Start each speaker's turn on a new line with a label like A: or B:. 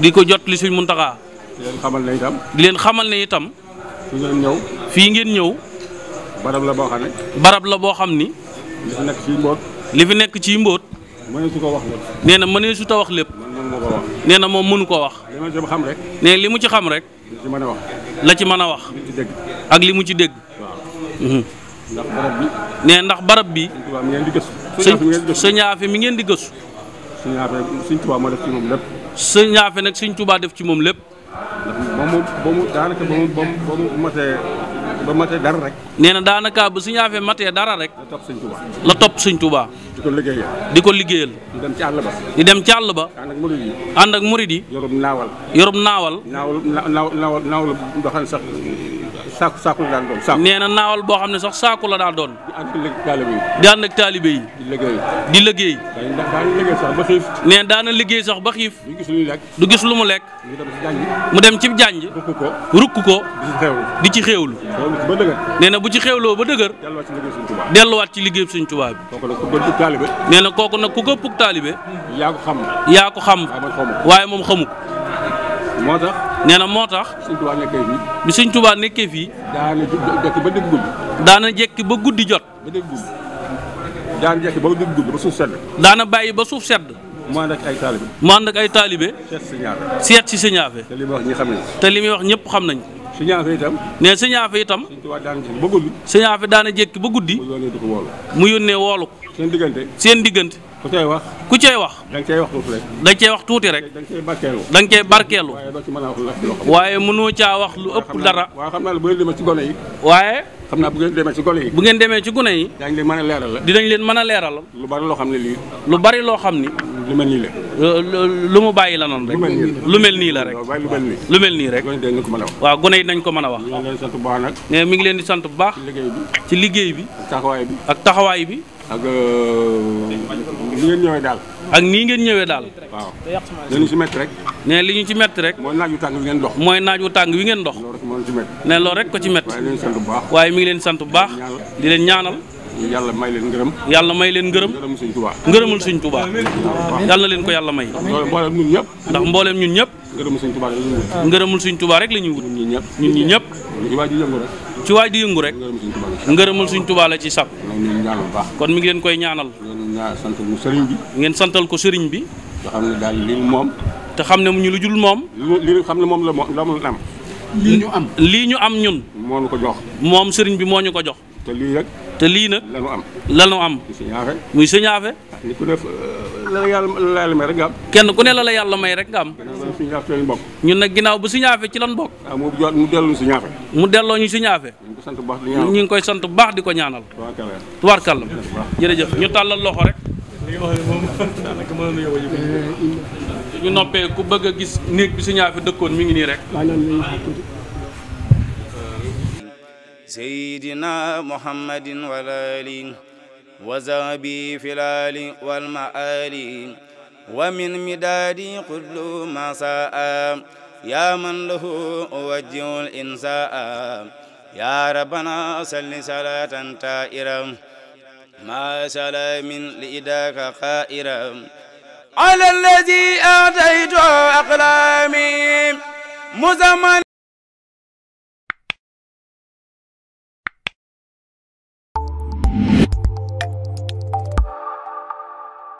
A: di ko jot li suñ muntaxaa. di leen xamal ne itam. di leen xamal na itam. fii ngeen ñëw. fii ngeen ñëw. barab la boo xam ne. la boo xam ni. li fi nekk ci mbóot. li fi nekk ci mbóot. mëneesu ko wax lépp. nee na mëneesu ta wax lépp. nee na moom mënu koo wax. li ma ci xam rek. nee li mu ci xam rek. la ci mën a wax. ak li mu ci dégg. ndax mhm. ndax barab bi. sëñ Afia mi ngeen di gëstu. sëñ Afe sëñ Touba moo def ci moom lépp. sëñ Afe nag suñ Touba def ci moom lépp. ndax ba daanaka ba mu ba mu matee ba matee dara rek. nee na daanaka ba sëñ Afe matee dara rek. la topp sëñ Touba. la topp suñ Touba. di ko liggéeyal. di ko liggéeyal. dem ci àll ba. di dem ci àll ba. ànd ak murid yi. ànd ak murid yi. yorum naawal. yorum naawal. naawal naawal naawal boo xam ne sax. saaku saaku la daan doon saaku. nee naawal boo xam ne sax saaku la daan doon. di ànd ak taalibe yi. di ànd ak di liggéey. di liggéey. liggéey sax ba xiif. nee na daana liggéey sax ba xiif. du gis lu mu lekk. du mu lekk. dem ci jànj. rukk ko rukk ko. di ci xéewlu. nee na bu ci xéewloo ba dëgër. delluwaat ci liggéey suñ tubaab bi. nee na kooku nag ku gëpp taalibe. yaa ko xam. yaa ko xam waaye moom xamu moo tax nee na moo tax. bi sëñ Tuubaa nekkee fii. daana jekki ba dégg guddi. daana jekki ba guddi jot. ba dégg guddi daana jekki ba dégg guddi ba suuf sedd. daana bàyyi ba suuf sedd. mu ànd ay taalibe. mu ànd ay taalibe. seet si ñaafe. seet si te li muy wax ñi xam nañ te li muy wax ñëpp xam nañ su Afe itam. ne sëñ Afe itam. daana jékki ba guddi. sëñ Afe daana jékki ba guddi. mu yónnee di ko woolu. mu yónnee woolu. seen diggante. seen diggante. ku cay wax. ku cee wax. da nga wax tuuti rek. da nga cay tuuti rek. da nga cay barkeelu. da nga cay barkeelu. waaye mënoo caa wax lu ëpp dara. waaye xam naa bu ngeen demee ci gone yi. xam naa bu ngeen demee ci gone yi. bu ngeen demee ci gone yi. dañ leen mën a leeralal. dinañ leen mën a leeralal. lu bari loo xam ne lii. lu bari loo xam ni. lu mel lu mu bàyyi la noonu rek lu mel nii la rek lu mel nii rek waaw gone yi nañ ko mën a wax ne mi ngi leen di sant bu baax ci liggéey bi ak taxawaay bi ak euh, nii ngeen ñëwee daal ak nii ngeen daal waaw li ñu ci métti rek ne li ñu ci métti rek mooy naaj wu tàng wi ngeen dox mooy naaj wu tàng wi ngeen dox ne loolu rek ko ci métti waaye mi ngi leen sant bu baax di leen ñaanal yàlla may leen ngërëm yàlla may leen ngërëm ngërëmul sëñ Tuubaa ngërëmul sëñ Tuubaa yàlla na leen ko yàlla may mbooleem ñun ñëpp ndax mbooleem ñun ñëpp ngërëmul sëñ Tuubaa ngërëmul sëñ Tuubaa rek la ñuy wut ñun ñëpp ñun ñi ñëpp ci waay di yëngu rek ngërëmul sëñ Tuubaa la ci sab kon mi ngi leen koy ñaanal ngeen santal ko sëriñ bi daal moom te xam ne mu ñu lu jul moom li xam ne moom la moom am lii ñu am ñun moo ñu ko jox moom sëriñ bi moo ñu ko jox te te lii nag lanu am lanu am muy sëñ Afe ku ne euh, la la yàlla may rek kenn ku ne la la yàlla may rek nga am ñun nag ginnaaw bu sëñ ci lan bokk ah, mu delloo ñu sëñ Afe mu delloo ñu sëñ Afe ñu ngi koy sant bu baax di ko ñaanal tubaarkàlla jërëjëf ñu tàllal loxo rek ñu noppee ku bëgg a gis néeg bi sëñ Afe dëkkoon mi ngi nii rek سيدنا محمد والآل وزابي في الآل والمآل ومن مدادي كل ما ساء يا من له أوجه الإنساء يا ربنا صل صلاة طائرة ما سلام لإداك خائرا على الذي أعطيت أقلامي مزمن